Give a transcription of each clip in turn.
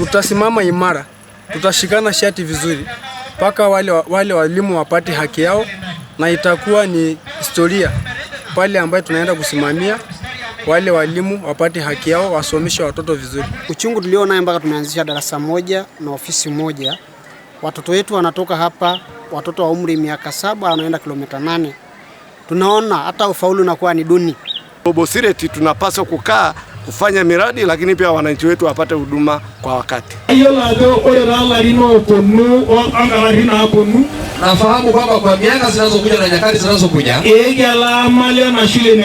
Tutasimama imara, tutashikana shati vizuri mpaka wale, wale walimu wapate haki yao, na itakuwa ni historia pale ambayo tunaenda kusimamia wale walimu wapate haki yao, wasomeshe watoto vizuri. Uchungu tulio naye mpaka tumeanzisha darasa moja na ofisi moja, watoto wetu wanatoka hapa, watoto wa umri miaka saba wanaenda kilomita nane. Tunaona hata ufaulu unakuwa ni duni. Sireti tunapaswa kukaa kufanya miradi, lakini pia wananchi wetu wapate huduma kwa wakati. Nafahamu kwamba kwa miaka zinazokuja na nyakati zinazokuja, hii alama ya shule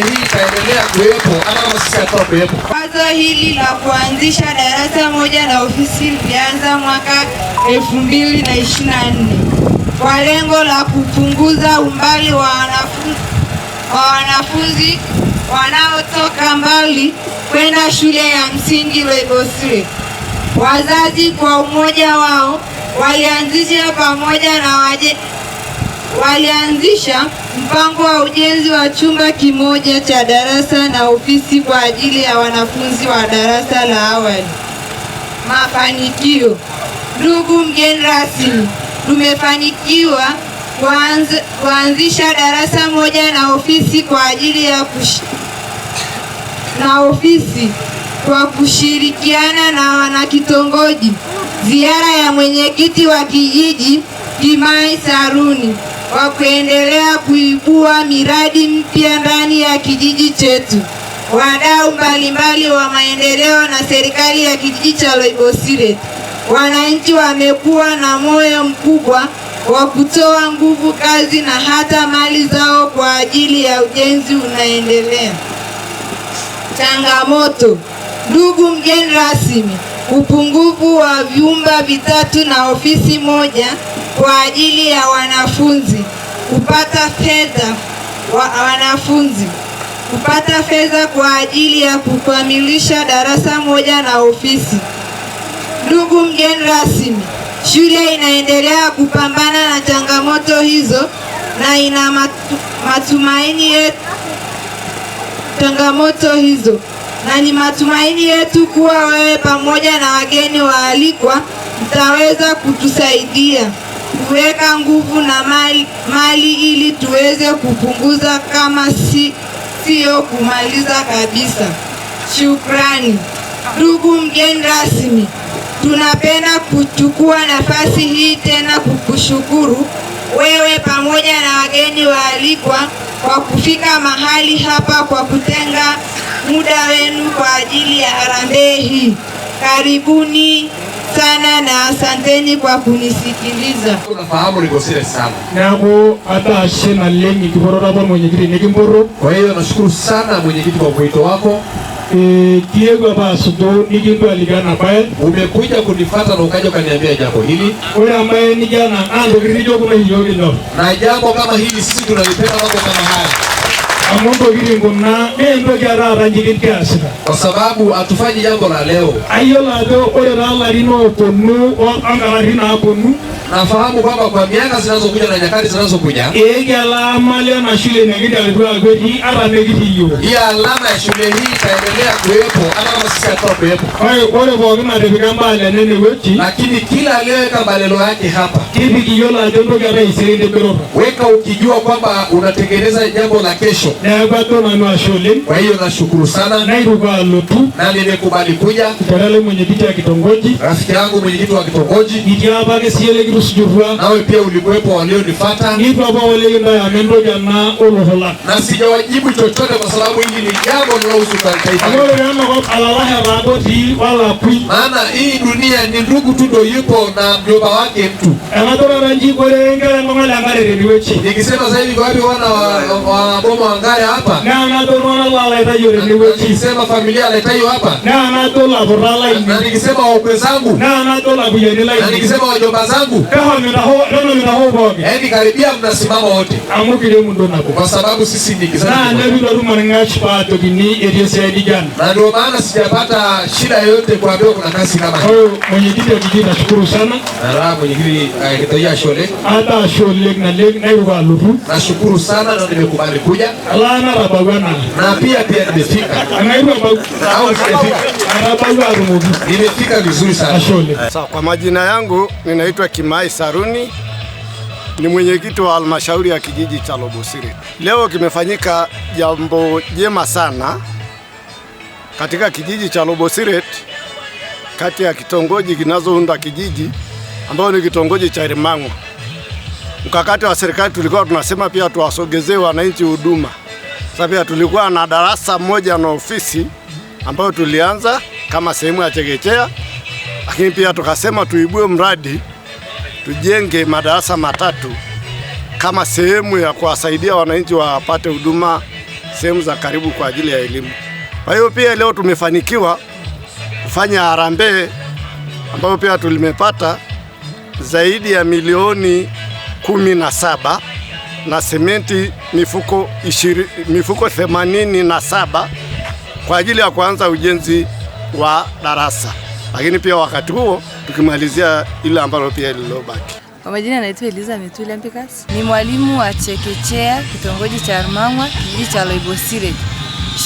hii itaendelea kuwepo hata kama sisi hatukuwepo. Wazo hili la kuanzisha darasa moja na ofisi lilianza mwaka 2024 kwa lengo la kupunguza umbali wa wanafunzi kwa wanafunzi wanaotoka mbali kwenda shule ya msingi Webosile. Wazazi kwa umoja wao walianzisha pamoja na waje, walianzisha mpango wa ujenzi wa chumba kimoja cha darasa na ofisi kwa ajili ya wanafunzi wa darasa la awali. Mafanikio. Ndugu mgeni rasmi, tumefanikiwa kuanzisha darasa moja na ofisi kwa ajili ya kush... na ofisi kwa kushirikiana na wanakitongoji. Ziara ya mwenyekiti wa kijiji Kimai Saruni wa kuendelea kuibua miradi mpya ndani ya kijiji chetu. Wadau mbalimbali wa maendeleo na serikali ya kijiji cha Loibosire, wananchi wamekuwa na moyo mkubwa wa kutoa nguvu kazi na hata mali zao kwa ajili ya ujenzi unaendelea. Changamoto. Ndugu mgeni rasmi, upungufu wa vyumba vitatu na ofisi moja kwa ajili ya wanafunzi kupata fedha wa wanafunzi kupata fedha kwa ajili ya kukamilisha darasa moja na ofisi. Ndugu mgeni rasmi Shule inaendelea kupambana na changamoto hizo na ina matu, matumaini yetu changamoto hizo na ni matumaini yetu kuwa wewe pamoja na wageni waalikwa mtaweza kutusaidia kuweka nguvu na mali, mali ili tuweze kupunguza kama si, siyo kumaliza kabisa. Shukrani ndugu mgeni rasmi. Tunapenda kuchukua nafasi hii tena kukushukuru wewe pamoja na wageni waalikwa kwa kufika mahali hapa kwa kutenga muda wenu kwa ajili ya harambee hii. Karibuni sana na asanteni kwa kunisikiliza. Unafahamu nikosile sana. Nako hata shema lengi kiborora mwenyekiti nikimbororo. Kwa hiyo nashukuru sana mwenyekiti kwa kuito wako e, eh, Diego Abasundo nikindu aligana ambaye umekuja kunifuata na ukaja ukaniambia jambo hili. Wewe ambaye ni jana ando ah, kilicho kama hiyo ndio. Na jambo kama hili sisi tunalipenda mambo kama haya. Ah, Amungu kiringo na endo jara ranjiri kiasi. Kwa sababu atufanye jambo la leo. Ayo la leo ole la rino konu o anga la rino konu nafahamu kwamba kwa miaka zinazokuja na nyakati zinazokuja hii alama ya shule hii itaendelea kuwepo hata kama sisi hatukuwepo. Kwa hiyo mbali nene lakini kila aliyeweka balelo yake hapa kipi ndio weka ukijua kwamba unatengeneza jambo la kesho na bado na shule. Kwa hiyo nashukuru sana na ndio kwa lotu na nimekubali kuja kitongoji, rafiki yangu mwenyekiti wa kitongoji, konuşturdular. Nawe pia ulikuwepo walionifuata. Nitwa waleyindaya mendojanna olohola. Na sijawajibu chochote kwa sababu hili ni jambo linalohusu taifa. Amore rama kwa alalaha raboti wala kui. Maana hii dunia ni ndugu tu ndio yupo na mjomba wake mtu. Anadora ranji kore ngere ngomale angare rediwechi. Nikisema sasa hivi kwa wapi wana wa bomo angare hapa? Na anadora na wala itayo rediwechi. Nikisema familia aletayo hapa. Na anadora burala. Na nikisema wakwe zangu. Na anadora buyeni lai. Na nikisema wajomba zangu yaani karibia mnasimama wote, kwa sababu sisi ni na ndio maana sijapata shida yoyote kuambiwa kuna kazi kama hiyo. Mwenyekiti wa kijiji, nashukuru sana eh, nashukuru sana na nimekubali kuja na pia pia nimefika nimefika vizuri sana. Sawa, kwa majina yangu ninaitwa Kima Mai Saruni ni mwenyekiti wa halmashauri ya kijiji cha Lobosire. Leo kimefanyika jambo jema sana katika kijiji cha Lobosiret kati ya kitongoji kinazounda kijiji ambayo ni kitongoji cha Irimang'wa. Mkakati wa serikali tulikuwa tunasema pia tuwasogezee wananchi huduma. Sasa pia tulikuwa na darasa moja na ofisi ambayo tulianza kama sehemu ya chekechea, lakini pia tukasema tuibue mradi tujenge madarasa matatu kama sehemu ya kuwasaidia wananchi wapate huduma sehemu za karibu kwa ajili ya elimu. Kwa hiyo pia leo tumefanikiwa kufanya harambee ambayo pia tulimepata zaidi ya milioni kumi na saba na sementi mifuko ishiri, mifuko themanini na saba kwa ajili ya kuanza ujenzi wa darasa lakini pia wakati huo tukimalizia ile ambalo pia lililobaki. Kwa majina anaitwa Eliza Mitula Ampikas, ni mwalimu wa chekechea kitongoji cha Armangwa, kijiji cha Loibosire.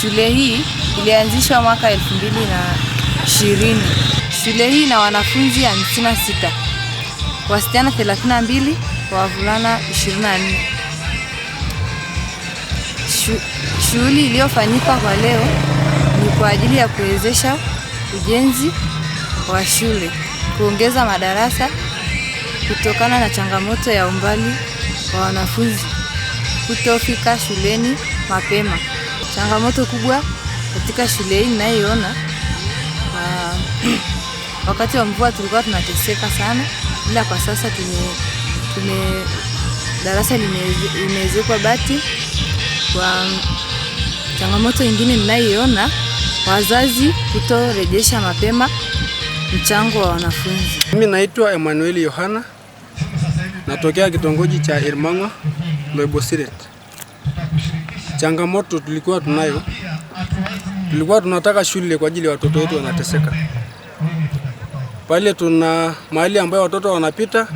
Shule hii ilianzishwa mwaka elfu mbili na ishirini. Shule hii ina wanafunzi 56, wasichana 32 kwa wavulana 24. Shughuli iliyofanyika kwa leo ni kwa ajili ya kuwezesha ujenzi wa shule, kuongeza madarasa kutokana na changamoto ya umbali wa wanafunzi kutofika shuleni mapema. Changamoto kubwa katika shule hii ninayoona, uh, ah, wakati wa mvua tulikuwa tunateseka sana, ila kwa sasa tume, tume darasa limeezekwa bati. Kwa changamoto nyingine ninayoona, wazazi kutorejesha mapema Mchango wa wanafunzi. Mimi naitwa Emmanuel Yohana, natokea kitongoji cha Irmangwa Loibosiret. Changamoto tulikuwa tunayo, tulikuwa tunataka shule kwa ajili ya watoto wetu wanateseka pale. Tuna mahali ambayo watoto wanapita,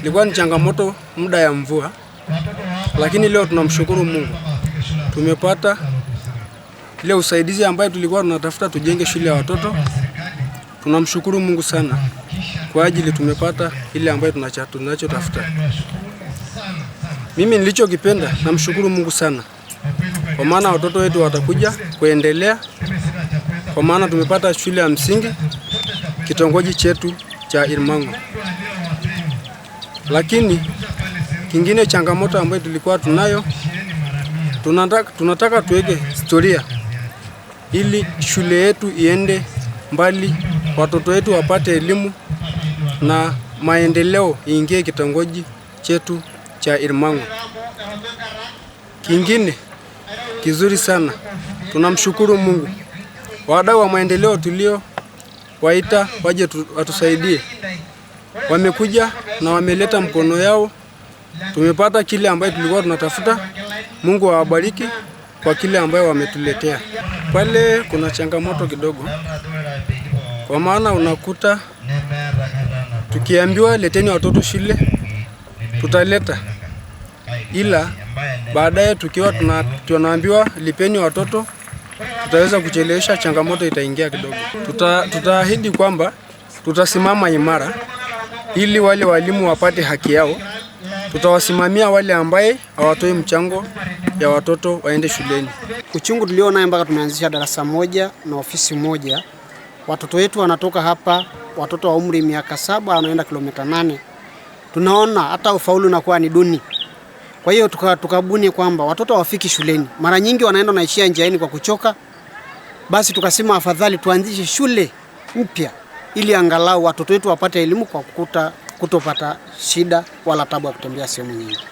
ilikuwa ni changamoto muda ya mvua, lakini leo tunamshukuru Mungu tumepata ile usaidizi ambayo tulikuwa tunatafuta tujenge shule ya watoto Tunamshukuru Mungu sana kwa ajili tumepata ile ambayo tunachotafuta. Mimi nilichokipenda, namshukuru Mungu sana kwa maana watoto wetu watakuja kuendelea, kwa maana tumepata shule ya msingi kitongoji chetu cha Irmango. Lakini kingine changamoto ambayo tulikuwa tunayo, tunataka, tunataka tuweke historia ili shule yetu iende mbali watoto wetu wapate elimu na maendeleo iingie kitongoji chetu cha Irmang'u. Kingine kizuri sana, tunamshukuru Mungu. Wadau wa maendeleo tulio waita waje watusaidie, wamekuja na wameleta mkono yao. Tumepata kile ambayo tulikuwa tunatafuta. Mungu awabariki kwa kile ambayo wametuletea. Pale kuna changamoto kidogo kwa maana unakuta tukiambiwa leteni watoto shule tutaleta, ila baadaye tukiwa tunaambiwa lipeni watoto tutaweza kuchelewesha, changamoto itaingia kidogo. Tuta, tutaahidi kwamba tutasimama imara ili wale walimu wapate haki yao. Tutawasimamia wale ambaye hawatoi mchango ya watoto waende shuleni. Uchungu tulio naye mpaka tumeanzisha darasa moja na ofisi moja watoto wetu wanatoka hapa, watoto wa umri miaka saba wanaenda kilomita nane. Tunaona hata ufaulu unakuwa ni duni. Kwa hiyo tukabuni tuka kwamba watoto hawafiki shuleni, mara nyingi wanaenda naishia njiani kwa kuchoka. Basi tukasema afadhali tuanzishe shule mpya ili angalau watoto wetu wapate elimu kwa kukuta kutopata shida wala tabu ya kutembea sehemu nyingi.